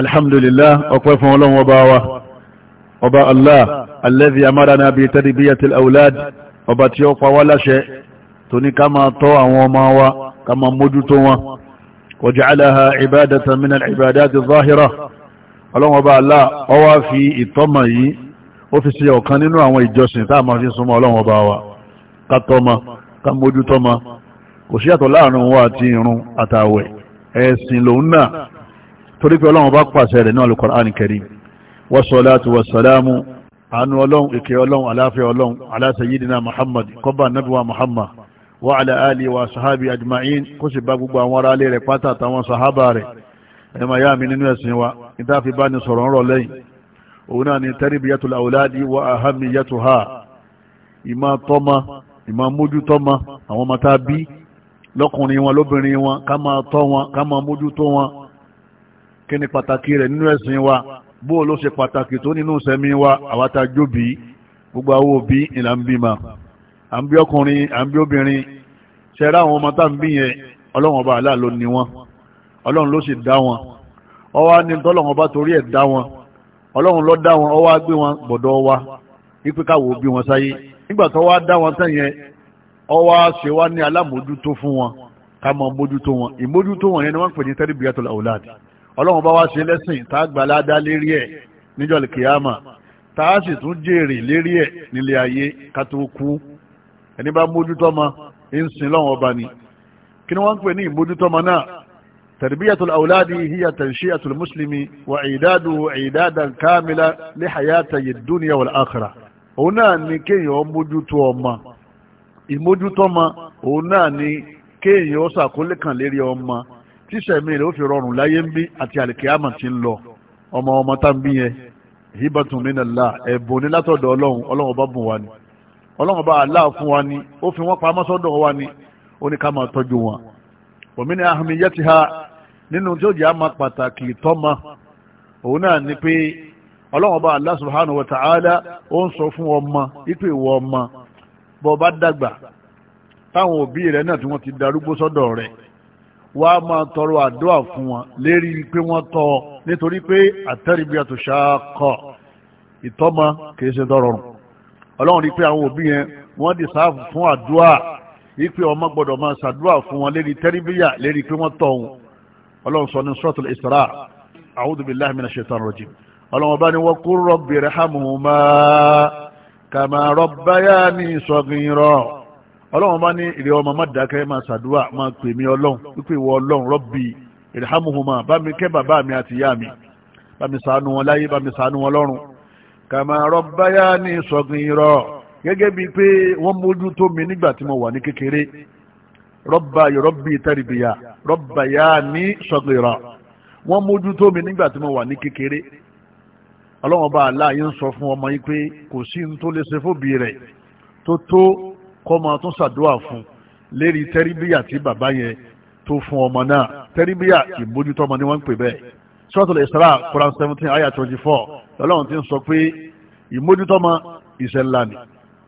alhamdulillah ọpẹ́ fún ọlọ́run ọba wa ọba allah alladhi amarana bi tarbiyatil awlad ọba tí ó pa wá láṣẹ tó ní ká máa tọ́ àwọn ọmọ wa ká máa mójútó wọn wa ja'alaha ibadatan min al-ibadati adh-dhahira ọlọ́run ọba allah ó wá fi ìtọ́mọ̀ yìí ó fi ṣe ọ̀kan nínú àwọn ìjọsìn tá a máa fi súnmọ́ ọlọ́run ọba wa ká tọ́mọ ká mójútọ́mọ kò sí àtọ̀ láàrin wọn àti irun àtàwẹ̀ ẹ̀sìn lòun náà torí pé ọlọ́run bá pàṣẹ rẹ̀ náà Al-Qur'an Karim wassalatu wassalamu àánú ọlọ́run ìkẹ́ ọlọ́run aláfẹ́ ọlọ́run ala sayyidina Muhammad kọba nabiwa Muhammad wa ala ali wa sahabi ajma'in kó sì bá gbogbo àwọn aráalé rẹ̀ pátá àtàwọn sahaba rẹ̀ ẹmà yá mi nínú ẹ̀sìn wa ìta fi bá ní sọ̀rọ̀ ń rọ̀ lẹ́yìn òun náà ni tarbiyatul awladi wa ahamiyatuha ìmá tọ́mọ ìmá mójú tọ́mọ àwọn ọmọ bí lọ́kùnrin wọn lóbìnrin wọn ká máa tọ́ wọn ká máa mójú tó wọn kí ni pàtàkì rẹ̀ nínú ẹ̀sìn wa bó ló ṣe pàtàkì tó nínú sẹ́mi wa àwátá jóbi gbogbo àwọn òbí ìlà ń bímọ à ń bí ọkùnrin à ń bí obìnrin ṣẹ̀rá àwọn ọmọ tá ń bí yẹn ọlọ́run ọba àlá ló ní wọn ọlọ́run ló sì dá wọn ọwá ní tọ́lọ́run ọba torí ẹ̀ dá wọn ọlọ́run ló dá wọn ọwá gbé wọn gbọ̀dọ̀ wa wípé káwọ́ òbí wọn sáyé nígbà tó wá dá wọn tán yẹn ṣe wá ní alámòójútó fún wọn ká mọ mójútó wọn ìmójútó wọn yẹn ni wọ́n pè ní tẹ́lifíyàtọ̀ làwùláàdì ọlọ́run bá wá ṣe lẹ́sìn tá a gbalada lérí ẹ̀ níjọ́ kìámà tá a sì tún jèrè lérí ẹ̀ nílé ayé ká tó kú ẹni bá mójútó ma ń sin lọ́wọ́ ọba ni kí ni wọ́n ń pè ní ìmójútó ma náà tarbiyatul awladi hiya tanshiyatul muslimi wa idadu idadan kamila li hayati dunya wal òun náà ni kéèyàn mójútó ọmọ ìmójútó òun náà ni kéèyàn ó kan lérí ọmọ tíṣẹ̀mí rẹ̀ ó fi rọrùn láyé ń bí àti àlìkíyàmà ti ń lọ ọmọ ọmọ tá ń bí yẹn hibatun minallah ẹ̀bùn ní látọ̀dọ̀ ọlọ́run ọlọ́run bá bùn ni ọlọ́run bá aláà ni ó fi wọ́n pamọ́ sọ́dọ̀ wa ni ó ní ká máa tọ́jú wọn nínú tí ó jẹ́ àmà pàtàkì òun náà ni pé ọlọ́run bá subhanahu wa ta'ala ó ń sọ fún ọmọ ipò ìwọ ọmọ bọ́ bá dàgbà táwọn òbí wá máa tọrọ àdúrà fún wọn lérí pé wọ́n tọ́ ọ nítorí pé àtẹ́rìbíyà tó ṣàkọ́ ìtọ́mọ kìí ṣe dọ́rọ̀rùn ọlọ́run rí pé àwọn òbí yẹn wọ́n dì sáàfù fún àdúrà yìí pé ọmọ gbọ́dọ̀ máa ṣàdúrà fún wọn lérí tẹ́rìbíyà lérí pé wọ́n tọ́ òun ọlọ́run sọ ní suratul Isra a'udhu billahi minash shaitanir rajim ọlọ́run bá ní wa qur rabbi irhamhuma kama rabbayani saghira ọlọ́run bá ní ìrẹ́ ọmọ má dákẹ́ máa ṣàdúrà máa pè mí ọlọ́run pípé ìwọ ọlọ́run rọ́bì irhamuhuma bá mi kẹ́ bàbá mi àti ìyá mi bá mi ṣàánú wọn láyé bá mi ṣàánú wọn lọ́run kàmá rọ́báyá ní sọ̀gbìn irọ́ gẹ́gẹ́ bíi pé wọ́n mójú tó mi nígbà tí mo wà ní kékeré rọ́bà yorọ́bì tẹ́rìbìyà rọ́báyá ní sọ̀gbìn irọ́ wọ́n mójú tó mi nígbà tí mo wà ní kékeré ọlọ́run bá aláàyè ń sọ fún ọmọ yìí pé kò sí ní tó lè fóbi rẹ̀ tó tó kó máa tún ṣàdúrà fún lérí tẹ́ríbíyà tí bàbá yẹn tó fún ọmọ náà tẹ́ríbíyà ìbójútó ọmọ ni wọ́n ń pè bẹ́ẹ̀ Suratul Isra Quran seventeen ayah twenty four lọ́lọ́run ti ń sọ pé ìmójútó ọmọ iṣẹ́ ńlá ni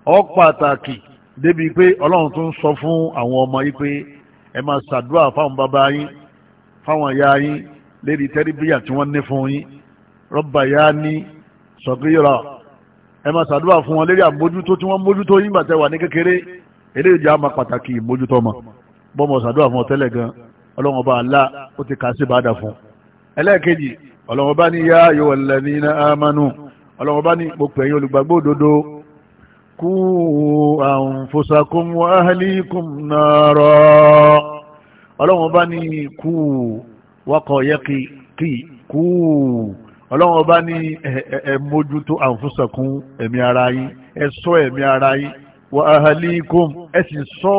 ó pàtàkì débi pé ọlọ́run tún sọ fún àwọn ọmọ yìí pé ẹ máa ṣàdúrà fáwọn bàbá yín fáwọn ìyá yín lérí tẹ́ríbíyà tí wọ́n ní fún yín Rabbayani saghira ẹ máa ṣàdúrà fún wọn lérí àmójútó tí wọ́n mójútó yín gbàtẹ́ wà ní kékeré eléyìí jẹ́ àmà pàtàkì ìmójútó ọmọ bọ́mọ̀ ṣàdúrà fún ọ tẹ́lẹ̀ gan ọlọ́run ọba àlá ó ti kà sí ìbàdà fún ẹlẹ́ẹ̀kejì ọlọ́run ọba ní yá yóò lẹ̀ ní iná amánú ọlọ́run ọba ní mo pè yín òdodo kú anfusakum wa ahlikum nara ọba ní kú wakọ̀ yẹ kí kú ọlọ́run ọba ní ẹ mójútó àǹfùsàkún ẹ̀mí ara yín wa ahalikum ẹ sì sọ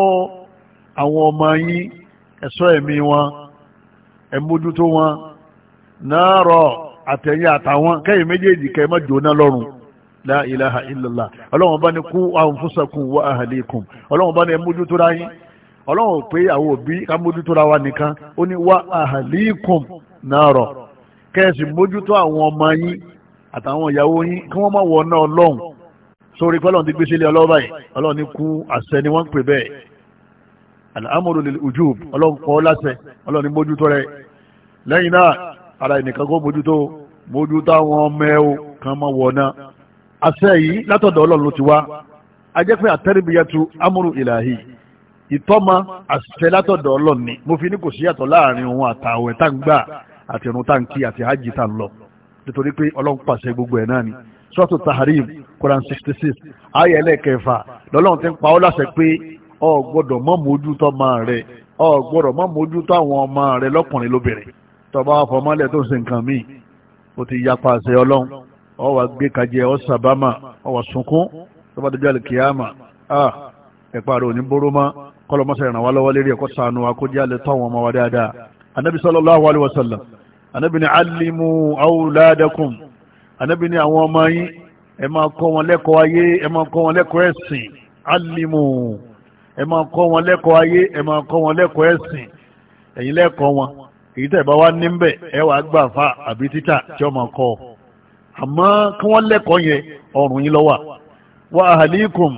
àwọn ọmọ yín ẹ ṣọ́ ẹ̀mí wọn ẹ mójútó wọn náàrọ̀ àtẹ̀yìn àtàwọn kẹ́yìn méjèèjì la ilaha illallah ọlọ́run ọba ní kú wa ọlọ́run ọba ní ẹ mójútó ra yín ọlọ́run pé àwọn òbí ká mójútó ra wa nìkan ó ní kẹ́ẹ̀sì mójútó àwọn ọmọ yín àtàwọn ìyàwó yín kí wọ́n má wọ náà ọlọ́run sórí pé ọlọ́run ti gbéṣẹ́ lé ọlọ́ba yìí ọlọ́run ní kú àṣẹ ni wọ́n ń pè bẹ́ẹ̀ al-amru lil-wujub ọlọ́run kọ́ láṣẹ ọlọ́run ní mójútó rẹ lẹ́yìn náà ara ẹnìkan kó mójútó mójútó àwọn ọmọ ẹ o kan má wọ náà àṣẹ yìí látọ̀dọ̀ ọlọ́run ló ti wá ajẹ́ pé àtẹ́rìbíyàtú àti ìrun táǹkì àti hajj tá ń lọ nítorí pé ọlọ́run pàṣẹ gbogbo ẹ̀ náà ni sọ́tò tahrim quran sixty six ayé ẹlẹ́kẹfà lọ́lọ́run ti ń pa ọ́ láṣẹ pé ọ gbọ́dọ̀ mọ́ mójútó ọmọ rẹ ọ gbọ́dọ̀ mọ́ mójútó àwọn ọmọ rẹ lọ́kùnrin lóbìnrin tọba afọmọlẹ tó ń ṣe nǹkan míì ó ti yapa àṣẹ ọlọ́run ọ wà gbé kajẹ ọ sàbámà ọ wà sunkún tọba dọjọ́ àlùkìyàmà ah ẹ̀pá rẹ ò ní bóró mọ́ kọ́lọ́mọ́sẹ̀ ràn wá lọ́wọ́ lérí ẹ̀kọ́ sànù akójá lè tọ́ àwọn ọmọ wa dáadáa anabi sallallahu alayhi wa sallam anábì ní alimu awladakum anábì ní àwọn ọmọ yín ẹ máa kọ́ wọn lẹ́kọ̀ọ́ ayé ẹ máa kọ́ wọn lẹ́kọ̀ọ́ ẹ̀sìn alimu ẹ máa kọ́ wọn lẹ́kọ̀ọ́ ayé ẹ máa kọ́ wọn lẹ́kọ̀ọ́ ẹ̀sìn ẹ̀yin lẹ́kọ̀ọ́ wọn èyí tẹ̀ bá wá ní bẹ̀ ẹ wàá gbà fa àbí títà tí ọ máa kọ́ ọ àmọ́ kí wọ́n lẹ́kọ̀ọ́ yẹn ọrùn yín lọ́wọ́ wa ahalikum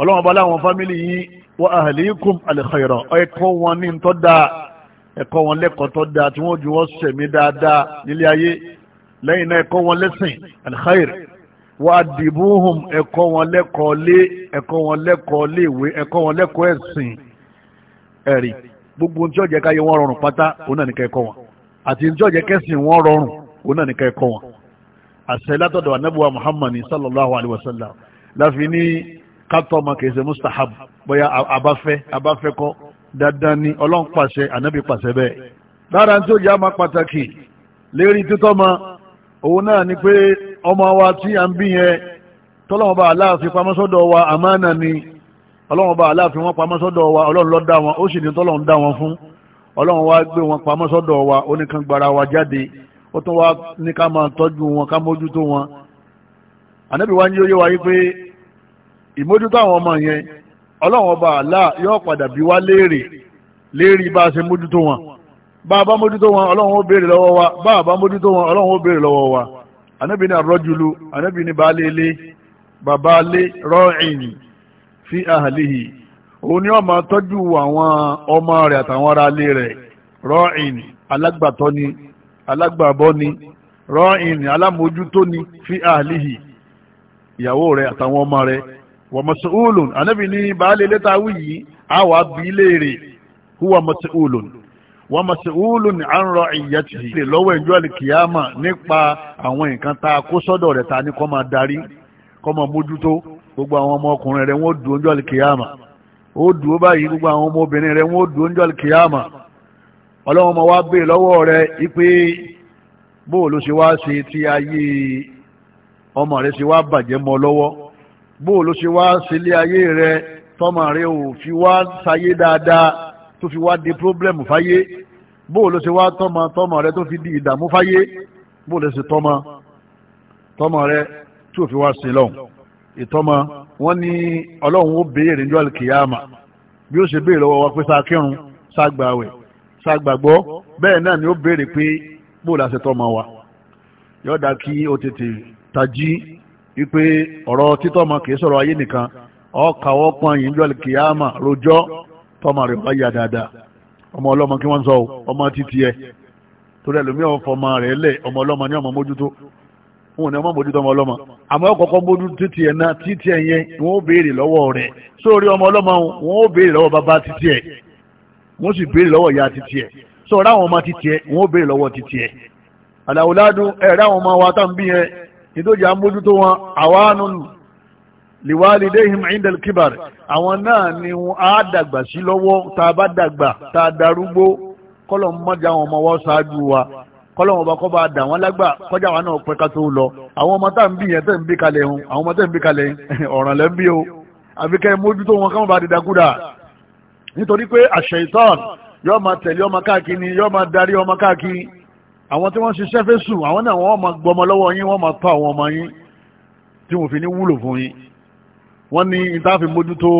ọlọ́wọ́n bá láwọn fámìlì yín wa ahalikum alìkọ̀yọ̀rọ̀ ẹ kọ́ wọn ní ntọ́ dáa ẹ̀kọ́ wọn lẹ́kọ̀ọ́ tó dáa tí wọ́n ju wọ́n sẹ̀mí dáadáa nílé ayé lẹ́yìn náà ẹ̀kọ́ wọn lẹ́sìn alkhair wa adibuhum ẹ̀kọ́ wọn lẹ́kọ̀ọ́ lé ẹ̀kọ́ wọn lẹ́kọ̀ọ́ léèwé ẹ̀kọ́ wọn lẹ́kọ̀ọ́ ẹ̀sìn ẹ̀rí gbogbo ní ọ̀jẹ̀ káyé wọn rọrùn pátá òun náà ní kẹ́kọ̀ọ́ wọn àti ní ọ̀jẹ̀ kẹ́sìn wọn rọrùn òun náà ní kẹ́kọ̀ọ́ wọn. àṣẹ látọ̀dọ̀ anábùwà muhammad sallallahu alayhi wa sallam láfi ní kátọ́mọ kèsè mustahab bóyá abáfẹ́ abáfẹ́ kọ́ dandan ni ọlọ́run pàṣẹ ànábì pàṣẹ bẹ́ẹ̀ lára tí ó yá máa pàtàkì lérí títọ́ ma òun náà ni pé ọmọ wa tí a ń bí yẹn tọ́lọ́mọba aláàfin pamọ́sọ́dọ̀ wa àmánà ni ọlọ́mọba aláàfin wọn pamọ́sọ́dọ̀ wa ọlọ́run ló dá wọn ó sì ní tọ́lọ́run dá wọn fún ọlọ́run wa jáde ó tún wá ní ká máa tọ́jú wọn ká mójútó wa ń wa yí pé ìmójútó ọmọ yẹn ọlọ́run ọba àlá yóò padà bí wá léèrè léèrè bá a ṣe mójútó wọn bá a bá mójútó wọn ọlọ́run ó béèrè lọ́wọ́ wa bá a bá mójútó wọn ọlọ́run ó béèrè lọ́wọ́ wa anábì ní arọ́júlu anábì ní baálé ilé bàbá ilé rọ́ọ̀ìn fi àhàlìhì òun ni ó máa tọ́jú àwọn ọmọ rẹ̀ àtàwọn ará ilé rẹ̀ rọ́ọ̀ìn alágbàtọ́ ni alágbàbọ́ ni fi àhàlìhì ìyàwó rẹ̀ àtàwọn ọmọ rẹ̀ wa mas'ulun anabi ni baálé lẹ́ta wí yìí a wà bí léèrè huwa mas'ulun wa mas'ulun an ra'iyatihi lè lọ́wọ́ ẹ̀jọ́ alikiyama nípa àwọn nǹkan tá a kó sọ́dọ̀ rẹ̀ ta ni kó máa darí kó máa mójútó gbogbo àwọn ọmọkùnrin rẹ̀ wọ́n dùn ọjọ́ alikiyama ó dùn báyìí gbogbo àwọn ọmọbìnrin rẹ̀ wọ́n dùn ọjọ́ alikiyama ọlọ́wọ́n ma wá bèè lọ́wọ́ rẹ̀ ipé bóòlù ṣe wá ṣe tí ayé ọmọ rẹ̀ ṣe wá bàjẹ́ mọ́ lọ́wọ́ bó ló ṣe wá sílé ayé rẹ tọ́mọ rẹ ò fi wá sáyé dáadáa tó fi wá di pírọ́blẹ̀mù fáyé bó ló ṣe wá tọ́mọ tọ́mọ rẹ tó fi di ìdààmú fáyé bó ló ṣe tọ́mọ tọ́mọ rẹ tí ò fi wá sí lọ́hùn ìtọ́mọ wọ́n ní ọlọ́run ó béèrè ní ọ̀lẹ́ kìyàmà bí ó ṣe béèrè lọ́wọ́ wa pé sá kírun sá gbàwẹ̀ sá gbàgbọ́ bẹ́ẹ̀ náà ni ó béèrè pé bó la ṣe tọ́mọ wa yọ̀ọ́dà kí ó tètè tají wípé ọ̀rọ̀ títọ́ ma kìí sọ̀rọ̀ ayé nìkan ọkàwọ́ pọn yìí jọ́ kìyàmà rojọ́ tọ́mà rẹ̀ bá yà dáadáa ọmọ ọlọ́mọ kí wọ́n sọ ọmọ títí ẹ torí ẹlòmíà ọ̀fọ̀ ọmọ rẹ̀ lẹ̀ ọmọ ọlọ́mọ ní ọmọ mójútó wọn ni ọmọ mójútó ọmọ ọlọ́mọ àmọ́ ọkọ̀ọ̀kọ́ mójú títí ẹ náà títí ẹ yẹn wọn ó béèrè lọ́wọ́ rẹ̀ sórí ọmọ ọlọ́mọ wọn ó béèrè lọ́wọ́ bàbá títí ẹ wọn sì béèrè lọ́wọ́ ìyá títí ẹ sọ̀rọ̀ àwọn ọmọ títí ẹ wọn ó béèrè lọ́wọ́ títí ẹ àdàwọ̀ládùn ẹ̀rẹ́ àwọn ọmọ wa tá ń bí yẹn nítorí à ń bójútó wọn àwánú liwalidehim indal kibar àwọn náà ni wọn á dàgbà sí lọ́wọ́ tá a bá dàgbà tá a darúgbó kọ́lọ̀ ń mọ́jà àwọn ọmọ wọn ṣáájú wa kọ́lọ̀ wọn bá kọ́ bá dà wọ́n lágbà kọjá wa náà pẹ́ ká tó lọ àwọn ọmọ tá à ń bí yẹn tẹ̀ ń bí kalẹ̀ hun àwọn ọmọ tẹ̀ ń bí kalẹ̀ ọ̀ràn lẹ́ ń bí o àfi kẹ́ ẹ mójútó wọn káwọn bá dìdakúdà nítorí pé àṣẹ ìtàn yóò máa tẹ̀lé ọmọ káàkiri yóò máa darí ọmọ káàkiri àwọn tí wọ́n ṣiṣẹ́ fẹ́ sùn àwọn náà wọ́n máa gbọmọ lọ́wọ́ yín wọ́n máa tọ́ àwọn ọmọ yín tí wọ́n fi ní wúlò fún yín wọ́n ní ìtàfi mójútó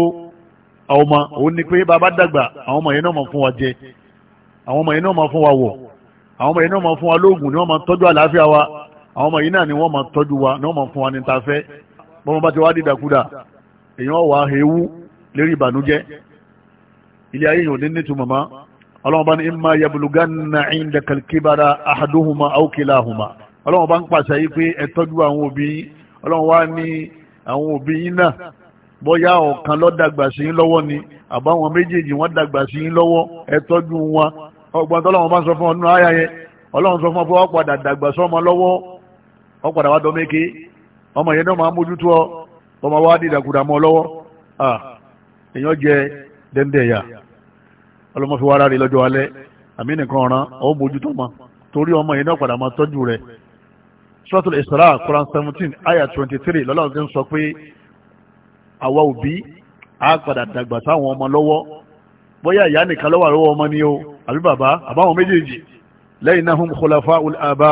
àwọn ọmọ òun ni pé bàbá dàgbà àwọn ọmọ yẹn náà máa fún wa jẹ àwọn ọmọ yẹn náà máa fún wa wọ̀ àwọn ọmọ yẹn náà máa fún wa lóògùn ni wọ́n máa tọ́jú àlàáfíà wa àwọn ọmọ yìí náà ni wọ́n máa tọ́jú wa ni wọ́n máa fún wa ní tafẹ́ bọ́mọ bá ti wá dìdàkudà èèyàn wà á hewú lérí ìbànújẹ́ ilé ayé yòó ní nítumọ̀ máa ọlọ́wọ́n bá ní imma yabluganna indakal kibara ahaduhuma aw kilahuma ọlọ́wọ́n bá ń pàṣẹ yìí pé ẹ tọ́jú àwọn òbí ọlọ́wọ́n wá ní àwọn òbí yín náà bóyá ọ̀kan ló dàgbà sí yín lọ́wọ́ ni àbáwọn méjèèjì wọ́n dàgbà sí yín lọ́wọ́ ẹ tọ́jú wọn ọgbọ́n tọ́lọ́wọ́n bá sọ fún ọdún ayá yẹn ọlọ́run sọ fún ọ padà dàgbà sọ́mọ lọ́wọ́ wọ́n padà wá dọ́mẹ́kẹ́ ọmọ yẹn náà máa mójútó ọ ọmọ wa dìdàkudà mọ́ lọ́wọ́ èèyàn jẹ dẹ́ndẹ̀ẹ́yà ọlọ́mọ fi wára rí lọ́jọ́ alẹ́ àmì nìkan ọ̀ràn ọ̀ bójútó ma torí ọmọ yìí náà padà máa tọ́jú rẹ̀ suratul Isra Quran seventeen aya twenty three lọ́lọ́run ti ń sọ pé àwa òbí á padà dàgbà sáwọn ọmọ lọ́wọ́ bóyá ìyá nìkan lọ́wọ́ àrọ́wọ́ ọmọ ni o àbí bàbá àbáwọn méjèèjì lẹ́yìn náà hum khulafa'ul aba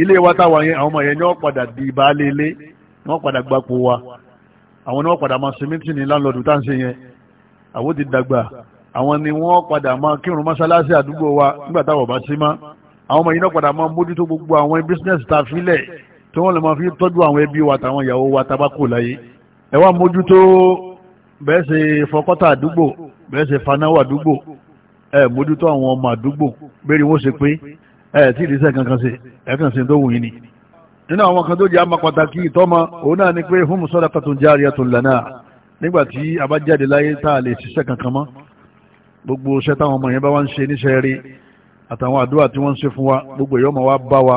ilé wa táwa yẹn àwọn ọmọ yẹn ni wọ́n padà di ìbálé ilé ni wọ́n padà gbapò wa àwọn ni wọ́n padà máa simintì ní láńlọ́ọ̀dù tá à ń ṣe yẹn àwọn ti dàgbà àwọn ni wọ́n padà máa kírun mọ́sálásí àdúgbò wa nígbà táwọn bá sí mọ́ àwọn ọmọ yìí náà padà máa mójútó gbogbo àwọn bísínẹ́sì tá a filẹ̀ tí wọ́n lè máa fi tọ́jú àwọn ẹbí wa tàwọn ìyàwó wa tabako láyé ẹ wá mójútó bẹ́ẹ̀ ṣe fọkọ́tà àdúgbò bẹ́ẹ̀ ṣe fanáwó àdúgbò ẹ mójútó àwọn ọmọ àdúgbò bẹ́ẹ̀ ni wọ́n ṣe pé ẹ tí ìdíṣẹ́ kankan ṣe ẹ kàn ṣe láyé tá a lè ṣiṣẹ́ kankan mọ́ gbogbo iṣẹ́ táwọn ọmọ yẹn bá wá ń ṣe níṣẹ́ rí àtàwọn àdúrà tí wọ́n ń ṣe fún wa gbogbo èyí ọmọ wa bá wa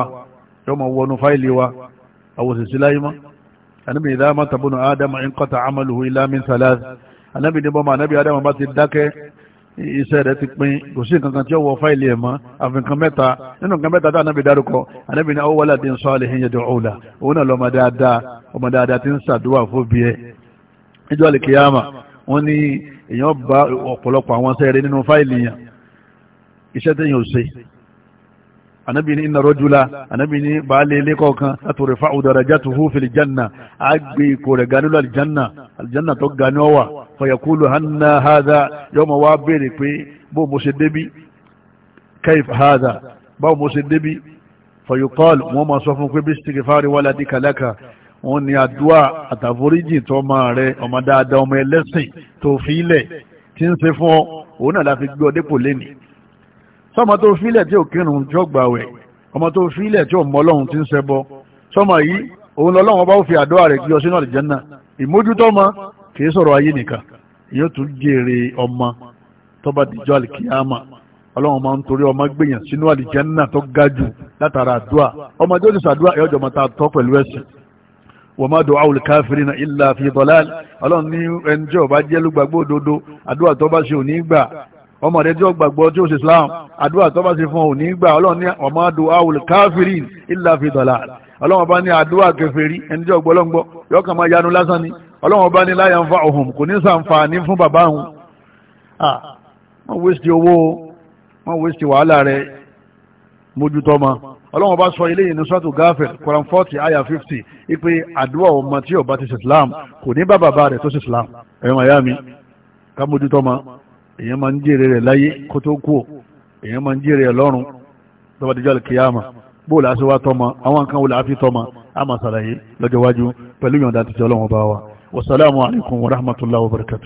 yọmọ wọnú fáìlì wa àwòsìsí láyé mọ́ anábì ní dáhàmà tàbùnú ádámà ń kọ́ta amaluhu illa min salas anábì ní bọ́mọ anábì ádámà bá ti dákẹ́ iṣẹ́ rẹ̀ ti pin kò sí nǹkan tí ó wọ fáìlì ẹ̀ mọ́ àfihàn mẹ́ta nínú nǹkan mẹ́ta tá anábì dárúkọ anábì ní àwọn èèyàn bá ọ̀pọ̀lọpọ̀ àwọn sẹ́ẹ̀rẹ́ nínú fáìlì yẹn iṣẹ́ tẹ̀yìn ò ṣe anabi ni inna rajula anabi ni baale ilé kọ̀ọ̀kan látòrè fáwọn darajatuhu fil janna a gbé ipò rẹ̀ ga nínú aljanna aljanna tó ga ní ọwà fayakulu hanna hadha yóò ma wá béèrè pé bó mo ṣe débi kaif hadha báwo mo ṣe débi fayuqal wọn ma sọ fún pé bí istighfari waladika laka wọ́n ní àdúà àtàforíjì tó ọmọ rẹ ọmọ dáadáa ọmọ ẹlẹ́sìn tó fi ilẹ̀ tí ń ṣe fún ọ òun náà láfi gbé ọdẹ́pò lẹ́nì sọmọ tó fi ilẹ̀ tí ò kírun tí ó gbàwẹ̀ ọmọ tó fi ilẹ̀ tí ò mọ ọlọ́run tí ń ṣẹbọ sọmọ yìí òun lọ́lọ́run bá fi àdúà rẹ̀ gbé ọ sínú àlùjánnà ìmójútó ọmọ kì í sọ̀rọ̀ ayé nìkan yóò tún jèrè ọmọ tó bá dìjọ́ àlìkíyàmà ọlọ́run máa ń torí ọmọ gbìyàn sínú àlìjánnà tó ga látara àdúà ọmọdé ó ti sàdúà ẹ̀ ọjọ́ mọ́ta tọ́ pẹ̀lú ẹ̀sìn wa ma du'aul kafirina illa fi dalal ọlọ́run ní ẹni tí ó bá jẹ́ lùgbàgbọ́ òdodo àdúrà tó bá ṣe ò ní gbà ọmọ rẹ̀ tí ó gbàgbọ́ tí ó ṣe islam àdúrà tó bá ṣe fún ò ní gbà ọlọ́run ní wa ma du'aul kafirin illa fi dalal ọlọ́run bá ní àdúrà kèfèrí ẹni tí ó gbọ́ lọ́ngbọ́ yọkàn máa yanu lásán ni ọlọ́run bá ọlọ́run bá sọ eléyìí ní sọ́tù gáfẹ̀t koran forty aya fifty ipe àdúrà ọmọ tí ọba ti ṣe islam kò ní bá bàbá rẹ̀ tó ṣe islam ẹ̀yọ́ màyá mi ká mójútó ma èèyàn máa ń jèrè rẹ̀ láyé kó tó kú èèyàn máa ń jèrè rẹ̀ lọ́run tọ́ba díjọ́ kìyàmà bó la ṣe wá tọ́mọ àwọn nǹkan wo la fi tọ́mọ a máa ṣàlàyé lọ́jọ́ iwájú pẹ̀lú ìyọ̀ǹda àti